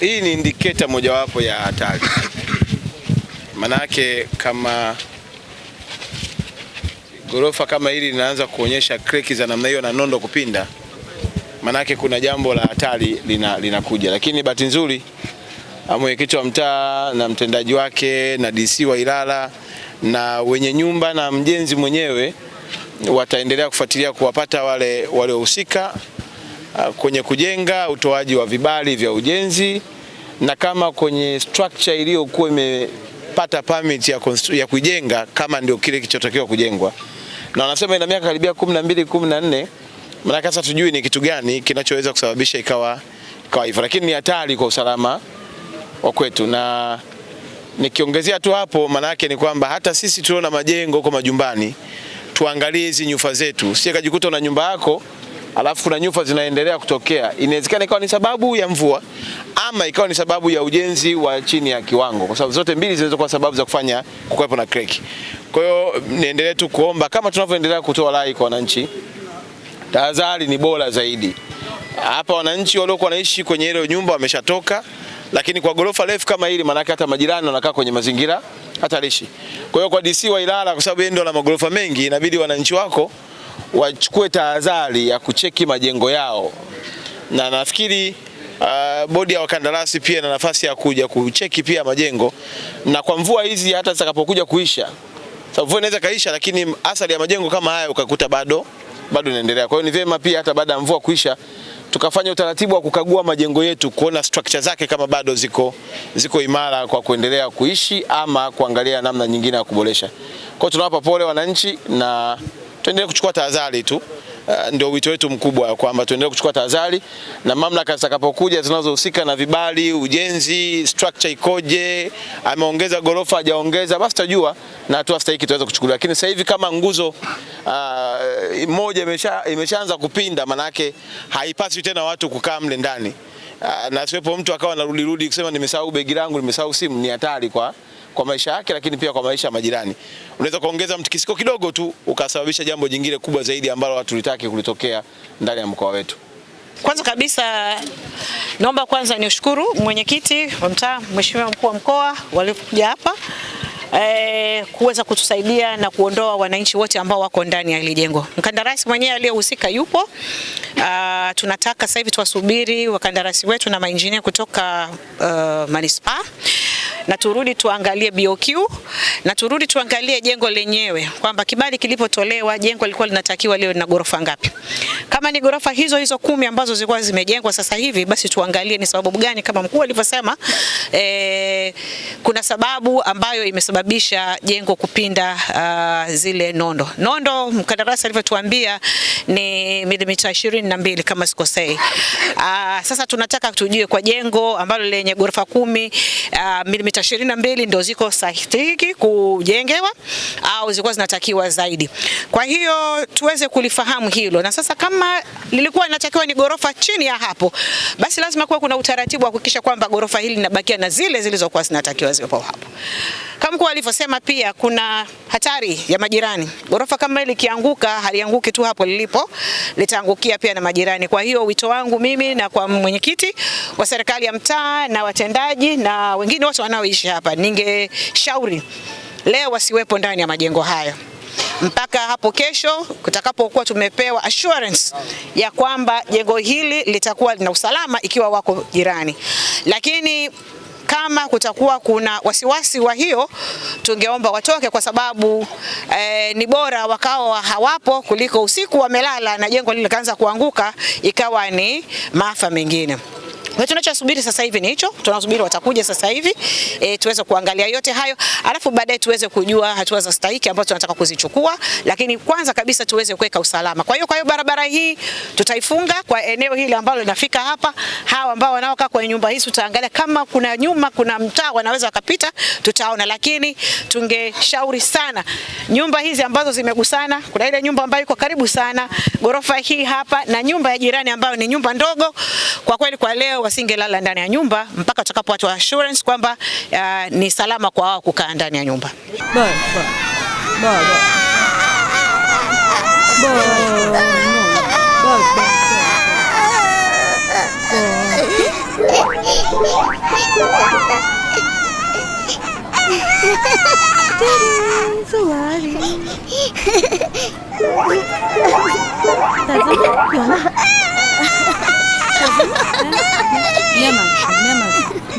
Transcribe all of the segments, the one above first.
hii ni indiketa mojawapo ya hatari. Manake kama ghorofa kama hili linaanza kuonyesha kreki za namna hiyo na nondo kupinda, manake kuna jambo la hatari linakuja lina, lakini bahati nzuri mwenyekiti wa mtaa na mtendaji wake na DC wa Ilala na wenye nyumba na mjenzi mwenyewe wataendelea kufuatilia kuwapata wale waliohusika ah, kwenye kujenga, utoaji wa vibali vya ujenzi na kama kwenye structure iliyokuwa imepata permit ya, ya kujenga kama ndio kile kilichotakiwa kujengwa, na wanasema ina miaka karibia na nne Maana sasa tujui ni kitu gani kinachoweza kusababisha ikawa ikawa hivyo, lakini ni hatari kwa usalama wa kwetu. Na nikiongezea tu hapo, maana yake ni kwamba hata sisi tuliona majengo huko majumbani, tuangalie hizi nyufa zetu, sije kajikuta na nyumba yako alafu kuna nyufa zinaendelea kutokea, inawezekana ikawa ni sababu ya mvua ama ikawa ni sababu ya ujenzi wa chini ya kiwango, kwa sababu zote mbili zinaweza kuwa sababu za kufanya kukwepo na kreki. Kwa hiyo niendelee tu kuomba kama tunavyoendelea kutoa rai kwa wananchi, tahadhari ni bora zaidi. Hapa wananchi waliokuwa wanaishi kwenye ile nyumba wameshatoka, lakini kwa gorofa refu kama hili, maanake hata majirani wanakaa kwenye mazingira hatarishi. Kwa hiyo kwa DC wa Ilala, kwa sababu yeye ndio ana magorofa mengi, inabidi wananchi wako wachukue tahadhari ya kucheki majengo yao, na nafikiri uh, bodi ya wakandarasi pia na nafasi ya kuja kucheki pia majengo, na kwa mvua hizi hata zitakapokuja kuisha, sababu mvua inaweza kaisha, lakini athari ya majengo kama haya ukakuta bado bado inaendelea. Kwa hiyo ni vyema pia hata baada ya mvua kuisha tukafanya utaratibu wa kukagua majengo yetu kuona structure zake kama bado ziko, ziko imara kwa kuendelea kuishi ama kuangalia namna nyingine ya kuboresha. Kwa hiyo tunawapa pole wananchi na tuendelee kuchukua tahadhari tu. Uh, ndio wito wetu mkubwa kwamba tuendelee kuchukua tahadhari na mamlaka zitakapokuja zinazohusika na vibali, ujenzi, structure ikoje, ameongeza gorofa hajaongeza, basi tutajua na hatua stahiki tuweze kuchukuliwa. Lakini sasa hivi kama nguzo uh, moja imesha imeshaanza kupinda, manake haipaswi tena watu kukaa mle ndani uh, na siwepo mtu akawa anarudi rudi kusema nimesahau begi langu, nimesahau simu, ni hatari kwa kwa maisha yake, lakini pia kwa maisha ya majirani. Unaweza kuongeza mtikisiko kidogo tu ukasababisha jambo jingine kubwa zaidi ambalo hatulitaki kulitokea ndani ya mkoa wetu. Kwanza kabisa naomba kwanza niushukuru mwenyekiti wa mtaa, mheshimiwa mkuu wa mkoa waliokuja hapa eh, kuweza kutusaidia na kuondoa wananchi wote ambao wako ndani ya hili jengo. Mkandarasi mwenyewe aliyehusika yupo. Uh, tunataka sasa hivi tuwasubiri wakandarasi wetu na mainjinia kutoka uh, manispaa na turudi tuangalie BOQ na turudi tuangalie jengo lenyewe kwamba kibali kilipotolewa jengo lilikuwa linatakiwa leo na gorofa ngapi. Kama ni gorofa hizo hizo kumi ambazo zilikuwa zimejengwa sasa hivi, basi tuangalie ni sababu gani, kama mkuu alivyosema, eh, kuna sababu ambayo imesababisha kusababisha jengo kupinda uh, zile nondo. Nondo mkandarasi alivyotuambia ni milimita ishirini na mbili kama sikosei. Uh, sasa tunataka tujue kwa jengo ambalo lenye ghorofa kumi uh, milimita ishirini na mbili ndio ziko sahihi kujengewa au zilikuwa zinatakiwa zaidi. Kwa hiyo tuweze kulifahamu hilo, na sasa kama lilikuwa linatakiwa ni ghorofa chini ya hapo, basi lazima kuwa kuna utaratibu wa kuhakikisha kwamba ghorofa hili linabakia na zile zilizokuwa zinatakiwa ziwepo hapo. Kama mkuu alivyosema, pia kuna hatari ya majirani. Ghorofa kama ile ikianguka, halianguki tu hapo lilipo, litaangukia pia na majirani. Kwa hiyo wito wangu mimi na kwa mwenyekiti wa serikali ya mtaa na watendaji na wengine wote wanaoishi hapa, ningeshauri leo wasiwepo ndani ya majengo hayo mpaka hapo kesho kutakapokuwa tumepewa assurance ya kwamba jengo hili litakuwa lina usalama ikiwa wako jirani, lakini kama kutakuwa kuna wasiwasi wa hiyo, tungeomba watoke, kwa sababu eh, ni bora wakawa hawapo kuliko usiku wamelala na jengo lile kaanza kuanguka ikawa ni maafa mengine. Kwa hiyo tunachosubiri sasa hivi ni hicho, tunasubiri watakuja sasa hivi e, tuweze kuangalia yote hayo, alafu baadaye tuweze kujua hatua za stahiki ambazo tunataka kuzichukua, lakini kwanza kabisa tuweze kuweka usalama. Kwa hiyo kwa hiyo barabara hii tutaifunga kwa eneo hili ambalo linafika hapa, hawa ambao wanaokaa kwenye nyumba hizi tutaangalia kama kuna nyuma kuna mtaa wanaweza wakapita, tutaona, lakini tungeshauri sana nyumba hizi ambazo zimegusana, kuna ile nyumba ambayo iko karibu sana, gorofa hii hapa na nyumba ya jirani ambayo ni nyumba ndogo, kwa kweli kwa leo wasingelala ndani ya nyumba mpaka utakapopata assurance kwamba uh, ni salama kwa wao kukaa ndani ya nyumba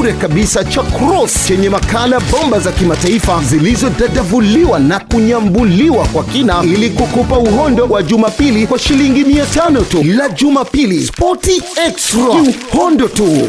bure kabisa cha Cross chenye makala bomba za kimataifa zilizodadavuliwa na kunyambuliwa kwa kina ili kukupa uhondo wa Jumapili kwa shilingi mia tano tu. La Jumapili, Sporty extra, uhondo tu.